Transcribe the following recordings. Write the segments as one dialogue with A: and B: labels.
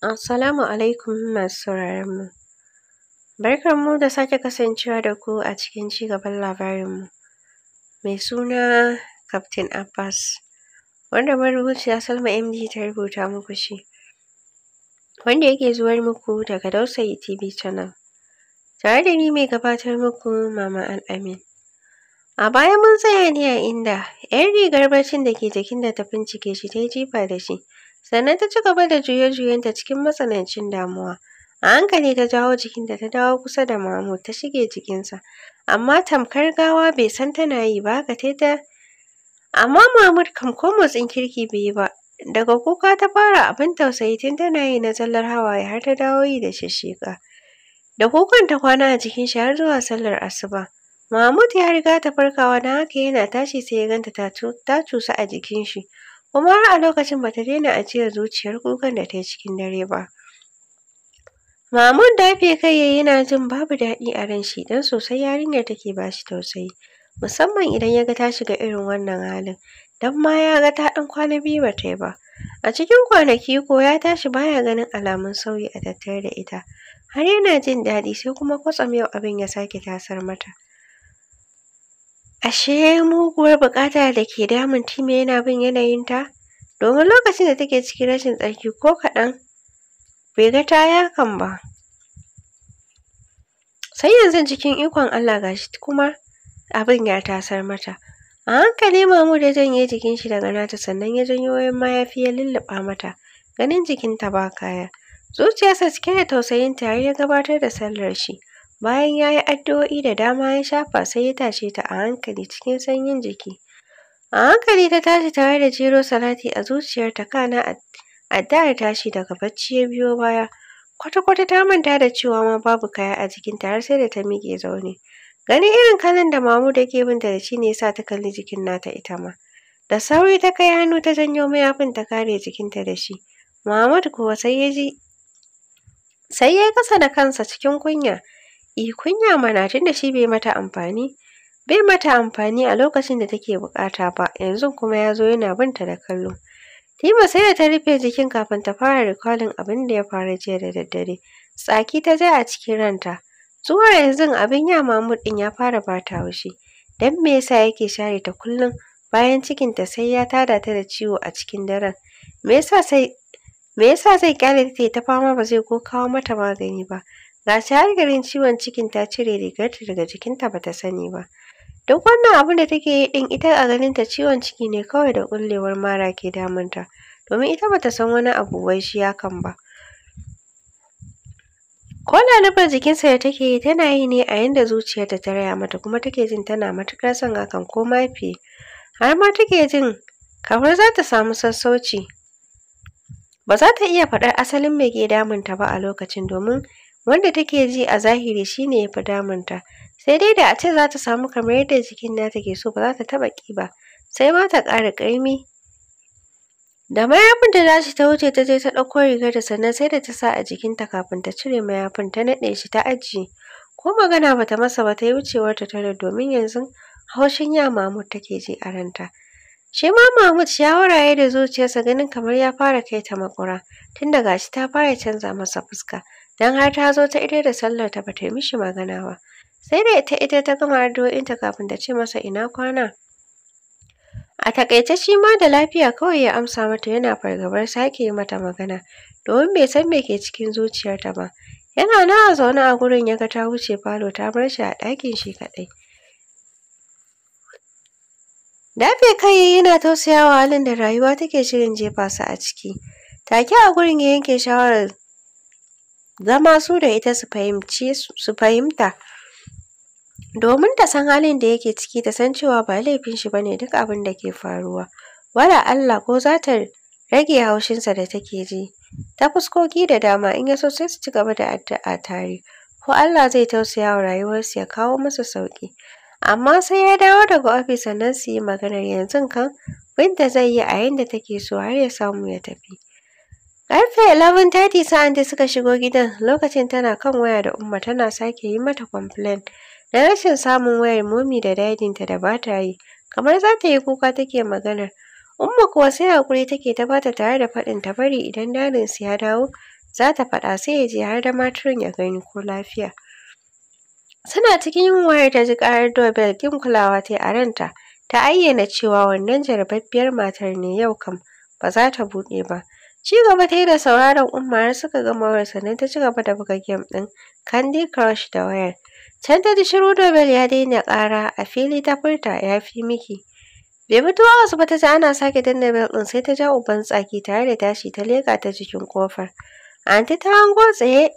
A: Assalamu alaikum masu sauraron mu. Barkar mu da sake kasancewa da ku a cikin cigaban labarin mu. Mai suna Captain Abbas wanda marubuciya Salma MD ta rubuta muku shi. Wanda yake zuwar muku daga Dausayi TV Channel. Tare da ni mai gabatar muku Mama Al-Amin. A baya mun tsaya ne a inda 'yan rigar barcin da ke jikin da ta bincike shi ta yi jifa da shi. sannan ta ci gaba da juye-juyenta cikin matsanancin damuwa a hankali ta jawo jikinta ta dawo kusa da Mahmud ta shige jikinsa amma tamkar gawa bai san tana yi ba haka tai ta amma Mahmud kam ko motsin kirki bai yi ba daga kuka ta fara abin tausayi tun tana yi na zallar hawaye har ta dawo yi da shishshika da kukan ta kwana a jikin shi har zuwa sallar asuba Mahmud ya riga ta farkawa don haka yana tashi sai ya ganta ta cusa a jikin shi kuma har a lokacin ta daina ajiyar zuciyar kukan da ta yi cikin dare ba Mahmud dafe kai yayi yana jin babu daɗi a ran shi don sosai yarinyar take ba shi tausayi musamman idan ya ga ta shiga irin wannan halin don ma ya ga ta ɗan kwana biyu ba ta yi ba a cikin kwanaki ko ya tashi ya ganin alamun sauyi a tattare da ita har yana jin daɗi sai kuma kwatsam yau abin ya sake tasar mata Ashe muguwar buƙata da ke damun Time yana bin yanayinta? Domin lokacin da take cikin rashin tsarki ko kaɗan bai ga ta hakan ba. Sai yanzu cikin ikon Allah ga shi kuma abin ya tasar mata. A hankali Mahmud ya janye jikin shi daga nata sannan ya janyo wayan mayafi ya lulluɓa mata. Ganin jikinta ba kaya. Zuciyarsa cike da tausayin tare ya gabatar da sallar shi. Bayan ya yi addu'o'i da dama ya shafa sai ya tashe ta a hankali cikin sanyin jiki. A hankali ta tashi tare da jero salati a zuciyarta kana ya tashi daga bacci ya biyo baya. Kwata-kwata ta manta da cewa ma babu kaya a jikinta har sai da ta miƙe zaune. Ganin irin kalan da Mahmud yake binta da shi ne ya sa ta kalli jikin nata ita ma. Da sauri ta kai hannu ta janyo mayafin ta kare jikinta da shi. Mahmud kuwa sai ya ji sai ya ƙasa da kansa cikin kunya. I kunya mana tunda shi bai mata amfani bai mata amfani a lokacin da take bukata ba yanzu kuma ya zo yana binta da kallo. Tima sai da ta rufe jikin kafin ta fara recalling abin da ya faru jiya da daddare. Tsaki ta ja a cikin ranta. Zuwa yanzu abin ya mamu din ya fara bata haushi. Dan me yasa yake share ta kullum bayan cikin ta sai ya tada ta da ciwo a cikin daren. Me yasa sai me yasa sai kyale ta ta fama ba zai ko kawo mata magani ba. ga shi har garin ciwon cikin ta cire rigarta daga jikinta bata sani ba duk wannan abin da take yi din ita a ganin ta ciwon ciki ne kawai da kullewar mara ke damunta domin ita bata san wani abu wai shi hakan ba ko lalubar jikinsa da take yi tana yi ne a yanda zuciyarta ta raya mata kuma take jin tana matuƙar son hakan ko ma fiye har ma take jin kamar za ta samu sassauci ba za ta iya faɗar asalin me ke damunta ba a lokacin domin wanda take ji a zahiri shi ne ya fi damunta sai dai da a ce za ta samu kamar yadda jikin nata ke so ba za ta taɓa ƙi ba sai ma ta ƙara ƙaimi da mayafin da tashi ta wuce ta je ta ɗauko rigar da sannan sai da ta sa a jikinta kafin ta cire mayafin ta naɗe shi ta ajiye ko magana bata masa ba ta yi wucewar ta tare domin yanzu haushin ya Mahmud take ji a ranta shi ma Mahmud shawara ya da zuciyarsa ganin kamar ya fara kai ta makura tunda gashi ta fara canza masa fuska don har ta zo ta ita da sallar ta bata yi mishi magana ba sai dai ita ita ta gama addu'o'inta kafin ta ce masa ina kwana a takaice shi ma da lafiya kawai ya amsa mata yana fargabar sake yi mata magana domin bai san me ke cikin zuciyarta ba yana nawa zaune a gurin ya ga ta wuce falo ta bar shi a ɗakin shi kaɗai dafe kai yana tausayawa halin da rayuwa take shirin jefa su a ciki take a gurin ya yanke shawarar zama su da ita su fahimci fahimta domin ta san halin da yake ciki ta san cewa ba laifin shi bane duk abin da ke faruwa wala Allah ko za ta rage haushinsa da take ji ta fuskoki da dama in ya so sai su ci gaba da addu'a tare ko Allah zai tausaya wa rayuwarsu ya kawo masa sauki amma sai ya dawo daga ofis sannan su yi maganar yanzu kan Binta zai yi a yanda take so har ya samu ya tafi Karfe 11:30 sa'an da suka shigo gidan lokacin tana kan waya da Umma tana sake yi mata complain da rashin samun wayar momi da dadinta da ba ta yi kamar za ta yi kuka take maganar. Umma kuwa sai hakuri take ta bata tare da faɗin ta bari idan su ya dawo za ta faɗa sai ya je har da matarin ya gani ko lafiya. Suna cikin yin wayar ta ji ƙarar doorbell kin kulawa ta a ranta ta ayyana cewa wannan jarbabbiyar matar ne yau kam ba za ta buɗe ba. Ci gaba ta yi da sauraron Umma suka gama wayar sannan ta ci gaba da buga game ɗin Candy Crush da wayar. Can ta ji shiru dobel ya daina ƙara a fili ta furta ya fi miki. Bai a wasu ba ta ji ana sake danna bel ɗin sai ta ja uban tsaki tare da tashi ta leƙa ta cikin ƙofar. Anti ta hango tsaye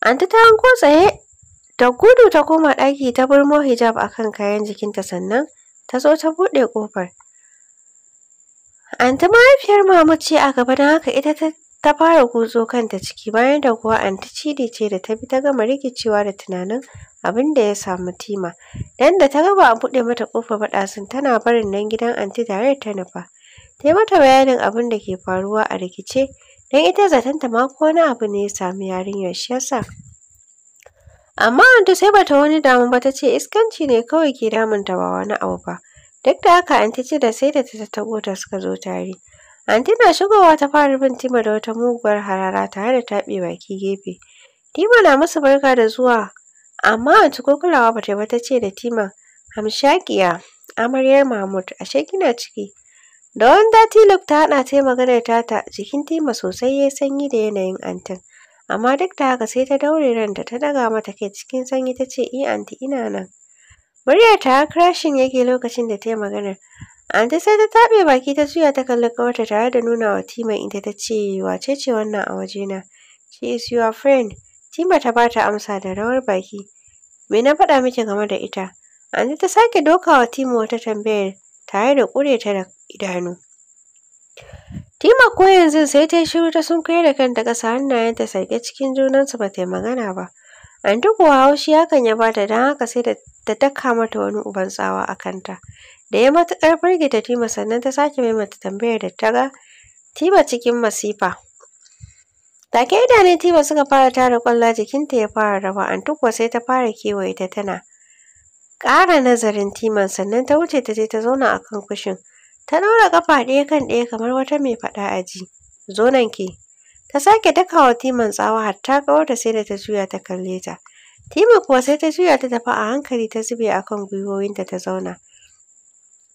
A: Anti ta hango tsaye da gudu ta koma ɗaki ta burmo hijab a kan kayan jikinta sannan ta zo ta buɗe ƙofar. Anta mahaifiyar Mamu ce a gaba don haka ita ta ta fara gutso kanta ciki bayan da kuwa anti Cidi ce da ta bi ta gama rikicewa da tunanin abin da ya samu Tima. Dan da ta gaba a buɗe mata ƙofar baɗasin tana barin nan gidan anti tare ta nufa. Ta yi mata bayanin abin da ke faruwa a rikice dan ita zaton ma ko wani abu ne ya samu yarinyar shi yasa. Amma anti sai bata wani damu ba ta ce iskanci ne kawai ke damunta ba wani abu ba. Duk da haka anti ce da sai da ta taɓo ta suka zo tare. Anti na shigowa ta fara bin Tima da wata muguwar harara tare da taɓe baki gefe. Tima na musu barka da zuwa amma anti ko kulawa ba ta ba ta ce da Tima hamshakiya amaryar Mahmud ashe kina ciki. Da wani dati ta haɗa ta yi maganar ta, jikin Tima sosai ya sanyi da yanayin antin. Amma duk da haka sai ta daure ranta ta daga mata kai cikin sanyi ta ce i eh, anti ina nan. Muryar ta crashing yake lokacin da ta yi maganar. Anti sai ta taɓe baki ta juya ta kalli ƙawarta tare da nuna wa Tima ita ta ce wace ce wannan a wajena. She is your friend. Tima ta ba ta amsa da rawar baki. Me na faɗa miki game da ita? Anti ta sake doka wa Tima wata tambayar tare da ƙure ta da idanu. Tima ko yanzu sai ta yi shiru ta sunkuyar da kanta ƙasa hannayenta sarƙe cikin junansu ba ta yi magana ba. An kuwa haushi hakan ya bata don haka sai da ta mata wani uban tsawa a kanta. Da ya matuƙar firgita Tima sannan ta sake mai mata tambayar da ta ga Tima cikin masifa. Take idanun Tima suka fara tara ƙwalla jikinta ya fara raba, an kuwa sai ta fara kewaye ta tana ƙara nazarin tima sannan ta wuce ta je ta zauna a kan kushin. Ta ɗaura ƙafa ɗaya kan ɗaya kamar wata mai faɗa a ji. Zo nan ke. Ta sake dakawa Timan tsawa har ta kawar da sai da ta juya ta kalle ta. Tima kuwa sai ta juya ta tafi a hankali ta zube a kan gwiwoyinta ta zauna.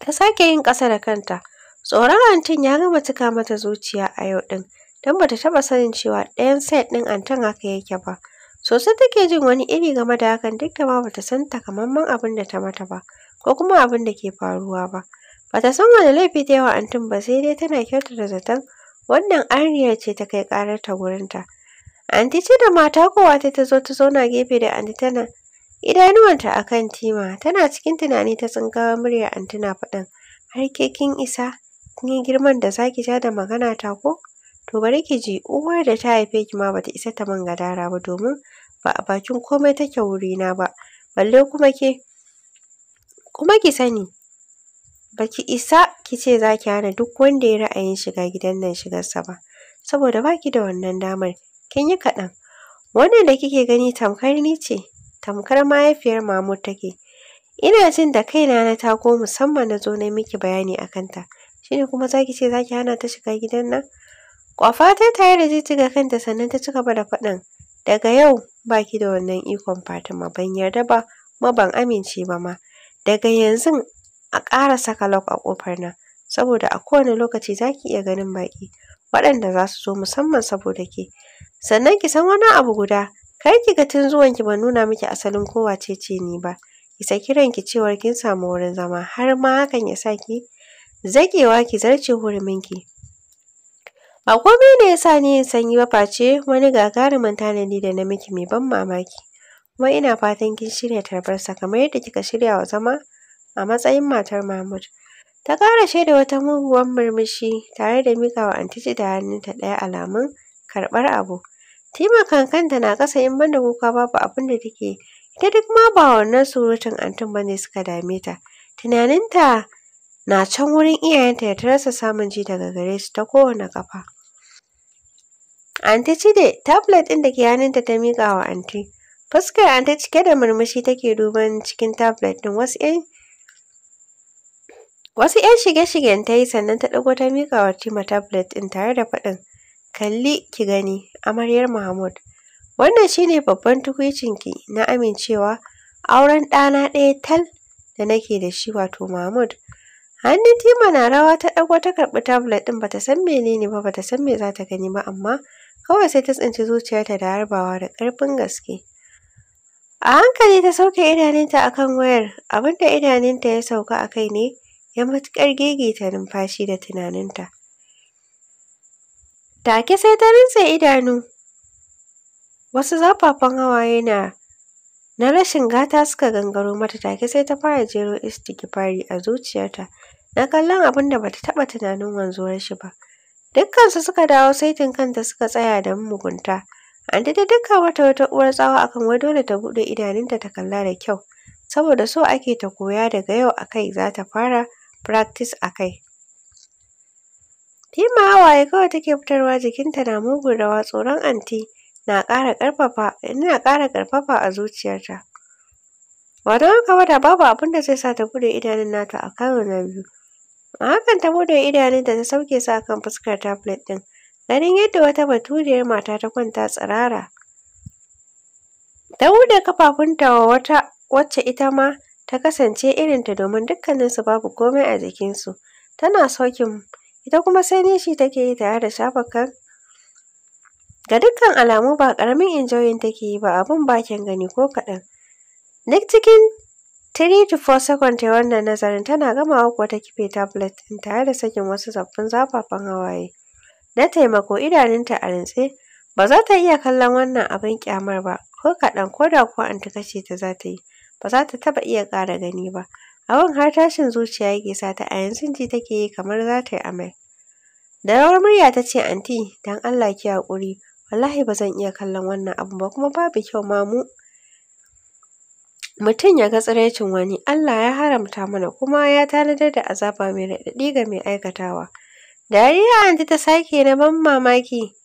A: Ta sake yin ƙasa da kanta. Tsoron antin ya gama cika mata zuciya a yau ɗin, don ba ta taɓa sanin cewa ɗayan set ɗin antin haka yake ba. Sosai take jin wani iri game da hakan duk da ma bata san takamaiman abin da ta mata ba, ko kuma abin da ke faruwa ba. Bata san wani laifi ta yawa antin ba sai dai tana kyautata zaton wannan arniya ce ta kai ƙararta gurinta anti ce da mata kowa ta ta zo ta zauna gefe da anti tana idanuwanta a kan tima tana cikin tunani ta tsinkawa murya anti na faɗin har ke kin isa kin yi girman da zaki ja da magana ta ko to bari ki ji uwar da ta haife ki ma bata isa ta man gadara ba domin ba a bakin komai take wurina ba balle kuma ke kuma ki sani baki isa kice zaki hana duk wanda ya ra'ayin shiga gidan nan shigarsa ba saboda baki da wannan damar kin yi kaɗan wannan da kike gani tamkar ni ce tamkar mahaifiyar mamu take ina jin da kaina na tako musamman na zo na miki bayani a kanta shine kuma zaki ce zaki hana ta shiga gidan nan kwafa ta tare da ga kanta sannan ta cika gaba da faɗin daga yau baki da wannan ikon Fatima ban yarda ba ma ban amince ba ma daga yanzu a ƙara saka lock a ƙofar nan saboda a kowane lokaci za ki iya ganin baƙi waɗanda za su zo musamman saboda ke sannan ki san wani abu guda kar ki ga tun ki ban nuna miki asalin ko wace ce ni ba ki saki ranki cewar kin samu wurin zama har ma hakan ya sa ki zaƙewa ki zarce huruminki ba komai ne ya sa ni yin sanyi ba face wani gagarumin tanadi da na miki mai ban mamaki kuma ina fatan kin shirya tarbarsa kamar yadda kika shirya wa zama a matsayin matar Mahmud. Ta kara shaida wata muguwar murmushi tare da mika wa antiji da hannunta ɗaya alamun karɓar abu. Timakan kanta na ƙasa in banda kuka babu abin da take ita duk ma ba wannan surutun antin ne suka dame ta. Tunaninta na can wurin iyayenta da ta rasa samun ji daga gare su ta kowane kafa. Anti Cide tablet ɗin da ke hannunta ta miƙa wa anti. Fuskar anti cike da murmushi take duban cikin tablet ɗin wasu 'yan Wasu 'yan shige-shigen ta yi sannan ta ɗago ta miƙa wa Tima tablet ɗin tare da faɗin kalli ki gani amaryar Mahmud. Wannan shine babban ki na amincewa auren ɗana ɗaya tal da nake da shi wato Mahmud. Hannun Tima na rawa ta ɗago ta karɓi tablet ɗin bata san menene ba bata san me za ta gani ba amma kawai sai ta tsinci zuciyarta da harbawa da ƙarfin gaske. A hankali ta sauke idanunta akan wayar abinda idanunta ya sauka akai ne ya matuƙar gegeta numfashi da tunaninta. Take sai ta rinse idanu, wasu zafafan hawaye na na rashin gata suka gangaro mata take sai ta fara jero istigifari a zuciyarta na kallon abin da bata taɓa tunanin wanzuwar shi ba. Dukkansu suka dawo saitin kanta suka tsaya da mugunta. An da dukkan mata wata uwar tsawa akan wai da ta buɗe idanunta ta kalla da kyau, saboda so ake ta koya daga yau a kai za ta fara practice a kai. Tima hawaye kawai take fitarwa jikinta na mugun rawa tsoron anti na ƙara ƙarfafa ƙara ƙarfafa a zuciyarta. Ba haka wata babu abin da zai sa ta buɗe idanun nata a karo na biyu. A hakan ta buɗe idanun da ta sauke sa kan fuskar tablet ɗin. Ganin yadda wata baturiyar mata ta kwanta tsirara. Ta buɗe kafafunta wa wata wacce ita ma ta kasance irinta domin dukkaninsu babu komai a jikinsu. Tana sokin ita kuma sai nishi take yi tare da shafakan. Ga dukkan alamu ba ƙaramin injoyin take yi ba abun bakin gani ko kaɗan. Duk cikin 3 to 4 second ta wannan nazarin tana gama kuwa ta kife tablet ɗin tare da sakin wasu zaffin zafafan hawaye. Na taimako idanunta a rintse ba za ta iya kallon wannan abin kyamar ba ko kaɗan ko da ko an ta kashe ta za ta yi. ba za ta taɓa iya ƙara gani ba abin har tashin zuciya yake sa ta a yanzu ji take yi kamar za ta yi amai da rawar murya ta ce anti dan Allah ki hakuri wallahi ba zan iya kallon wannan abu ba kuma babu kyau ma mu mutum ya ga tsiraicin wani Allah ya haramta mana kuma ya tanadar da azaba mai raɗaɗi ga mai aikatawa dariya anti ta sake na ban mamaki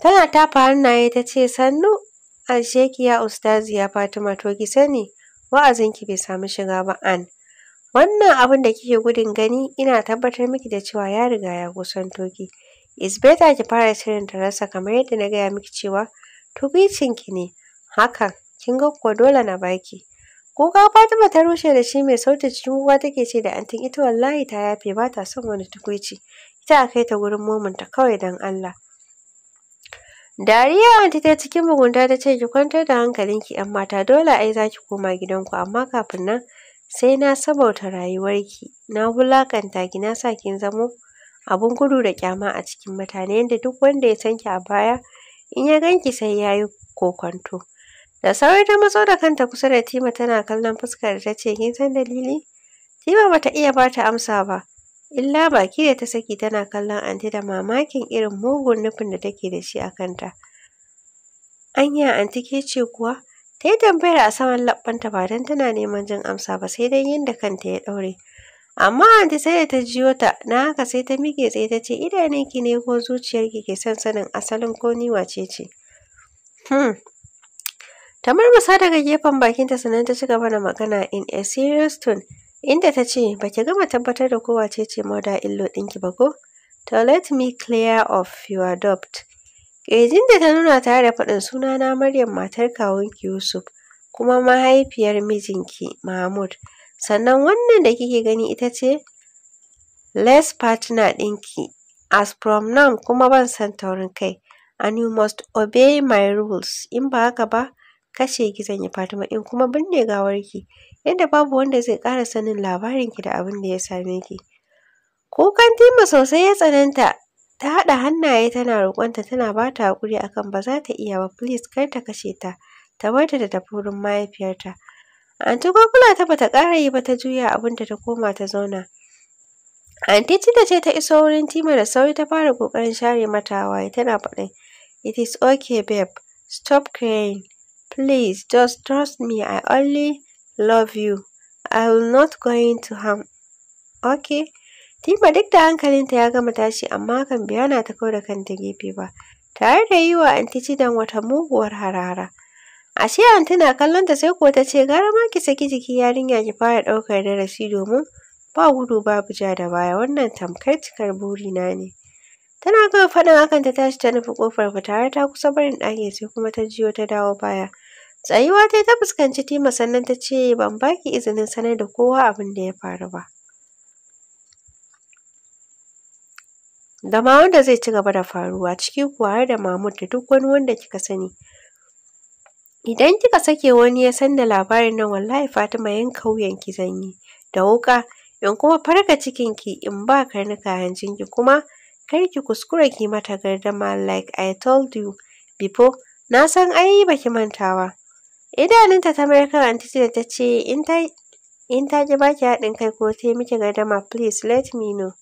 A: tana tafa hannaye ta ce sannu ashe ki ustaziya Fatima to ki sani wa'azinki bai samu shiga ba an wannan abin da kike gudun gani ina tabbatar miki da cewa ya riga ya kusanto toki. is better ki fara shirin tarasa kamar yadda na gaya miki cewa tubicinki ne hakan kin ga kuwa dole na baki kuka Fatima ta rushe da shi mai sautin cikin kuka take ce da antin ita wallahi ta yafe ba ta son wani tukuici ita a kai ta gurin mumunta kawai don Allah Dariya anti ta cikin mugunta ta ce ki kwantar da hankalinki ‘yan mata dole ai za ki koma gidanku amma kafin nan sai na sabauta rayuwarki na wulakanta ki na sa kin zamo abun gudu da kyama a cikin mutane yanda duk wanda ya san ki a baya in ya ganki sai ya yi kokonto. Da sauri ta matso da kanta kusa da Tima tana kallon fuskar da ta ce kin san dalili? Tima bata iya bata amsa ba illa baki da ta saki tana kallon anti da mamakin irin mugun nufin da take da shi a kanta. Anya anti ke ce kuwa, ta yi tambayar a saman labbanta ba don tana neman jin amsa ba sai dai yadda kanta ya ɗaure. Amma anti sai da ta jiyo ta, na haka sai ta miƙe tsaye ta ce idanunki ne ko zuciyarki ke son sanin asalin ko ni wace ce. Hmm. Ta murmusa daga gefen bakinta sannan ta ci gaba da magana in a serious tone. inda ta ce ba ki gama tabbatar da kowa ce ce illo ɗinki ba ko to let me clear off your doubt ƙirjin da ta nuna tare da faɗin na maryam matar kawunki yusuf kuma mahaifiyar mijinki mahmud sannan wannan da kike gani ita ce less partner ɗinki as from now kuma ban san taurin kai and you must obey my rules in ba haka ba kashe ki ya fatima in kuma binne gawarki yadda babu wanda zai ƙara sanin labarinki da abin da ya same ki. Kukan Tima sosai ya tsananta, ta haɗa hannaye tana roƙonta tana ba ta haƙuri akan ba za ta iya ba please kar ta kashe ta, ta bar ta da tafi wurin mahaifiyarta. Anti Gwagula ta bata ƙara yi ba ta juya abinta ta koma ta zauna. Anti ce ta iso wurin Tima da sauri ta fara ƙoƙarin share mata hawaye tana faɗin it is okay babe, stop crying, please just trust me I only love you. I'm not going to harm. Okay. Tima duk da hankalinta ya gama tashi amma kan biya na ta kau da kanta gefe ba. Tare da yi wa anti cidan wata muguwar harara. Ashe anti na kallon ta sai kuwa ta ce gara ma ki saki jiki yarinya ki fara ɗaukar darasi domin ba gudu babu ja da baya wannan tamkar cikar burina ne. Tana gama faɗin hakan ta tashi ta nufi kofar ba tare ta kusa barin ɗaki sai kuma ta jiyo ta dawo baya. Tsayuwa ta yi ta fuskanci Tima sannan ta ce ban baki izinin sanar da kowa abin da ya faru ba. Da ma wanda zai ci gaba da faruwa ciki kuwa har da Mahmud da duk wani wanda kika sani. Idan kika sake wani ya san da labarin nan wallahi Fatima yanka wuyanki zan yi da wuka in kuma farka cikin ki in ba karnuka hanjinki kuma kar ki kuskura ki mata gardama like I told you before na san ai baki mantawa. Idanunta ta mayar da ta ce, in ta baki haɗin kai ko ta yi miki gardama please let me know.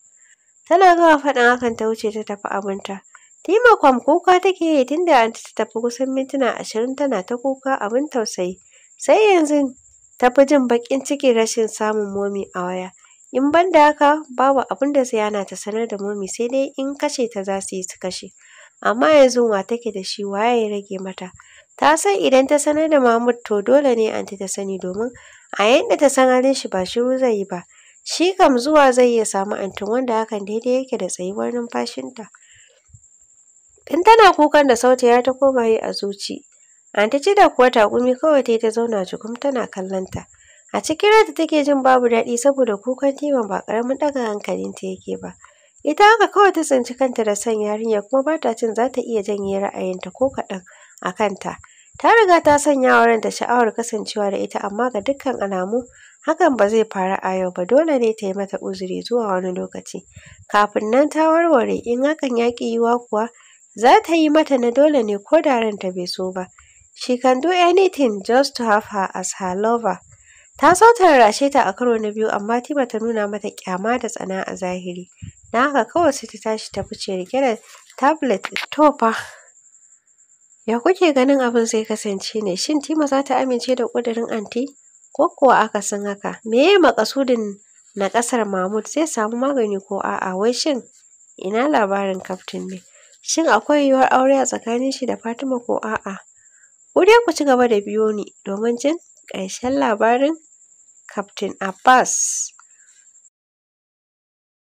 A: Tana gama faɗin hakan ta wuce ta tafi abinta. Tima kwam kuka take yi tunda anti ta tafi kusan mintuna ashirin tana ta kuka abin tausayi. Sai yanzu ta fi jin baƙin ciki rashin samun momi a waya. In ban da haka babu abin da zai hana ta sanar da momi sai dai in kashe ta za su yi su kashe. Amma yanzu wa take da shi waye ya rage mata. ta san idan ta sanar da Mahmud to dole ne anti ta sani domin a yanda ta san halin shi ba shiru zai yi ba shi kam zuwa zai iya samu antin wanda hakan daidai yake da tsayuwar numfashinta in tana kukan da ya ta koma yi a zuci anti ci da kuwa takumi kawai ta ta zauna cikin tana kallonta a cikin rata take jin babu daɗi saboda kukan tima ba ƙaramin ɗaga ta yake ba ita haka kawai ta tsinci kanta da san yarinya kuma ba ta cin za ta iya janye ra'ayinta ko kaɗan a kanta. Ta riga ta sanya wa ranta sha'awar kasancewa da ita amma ga dukkan alamu hakan ba zai faru a yau ba dole ne ta yi mata uzuri zuwa wani lokaci. Kafin nan ta warware in hakan ya ƙi yiwuwa kuwa za ta yi mata na dole ne ko da ranta bai so ba. She can do anything just to have her as her lover. Ta so ta rarrashe ta a karo na biyu amma Tima ta nuna mata kyama da tsana a zahiri. Na haka kawai sai ta tashi ta fice rike da tablet to Ya kuke ganin abin sai kasance ne? Shin Tima za ta amince da ƙudurin anti? Ko kuwa aka san haka? Me Meye makasudin na ƙasar Mahmud zai samu magani ko a'a? Wai shin ina labarin kaftin ne? Shin akwai yiwuwar aure a tsakanin shi da Fatima ko a'a? Ku dai ku ci gaba da biyo ni domin jin ƙarshen labarin Kaftin Abbas.